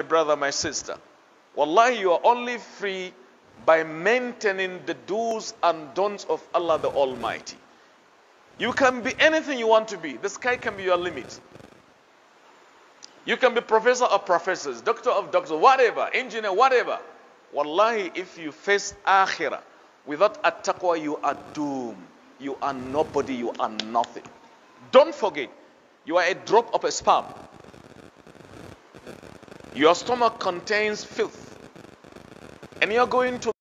My brother, my sister, wallahi, you are only free by maintaining the do's and don'ts of Allah the Almighty. You can be anything you want to be. The sky can be your limit. You can be professor of professors, doctor of doctors, whatever, engineer, whatever. Wallahi, if you face akhirah without attaqwa, you are doomed. You are nobody, you are nothing. Don't forget, you are a drop of a sperm. Your stomach contains filth. And you're going to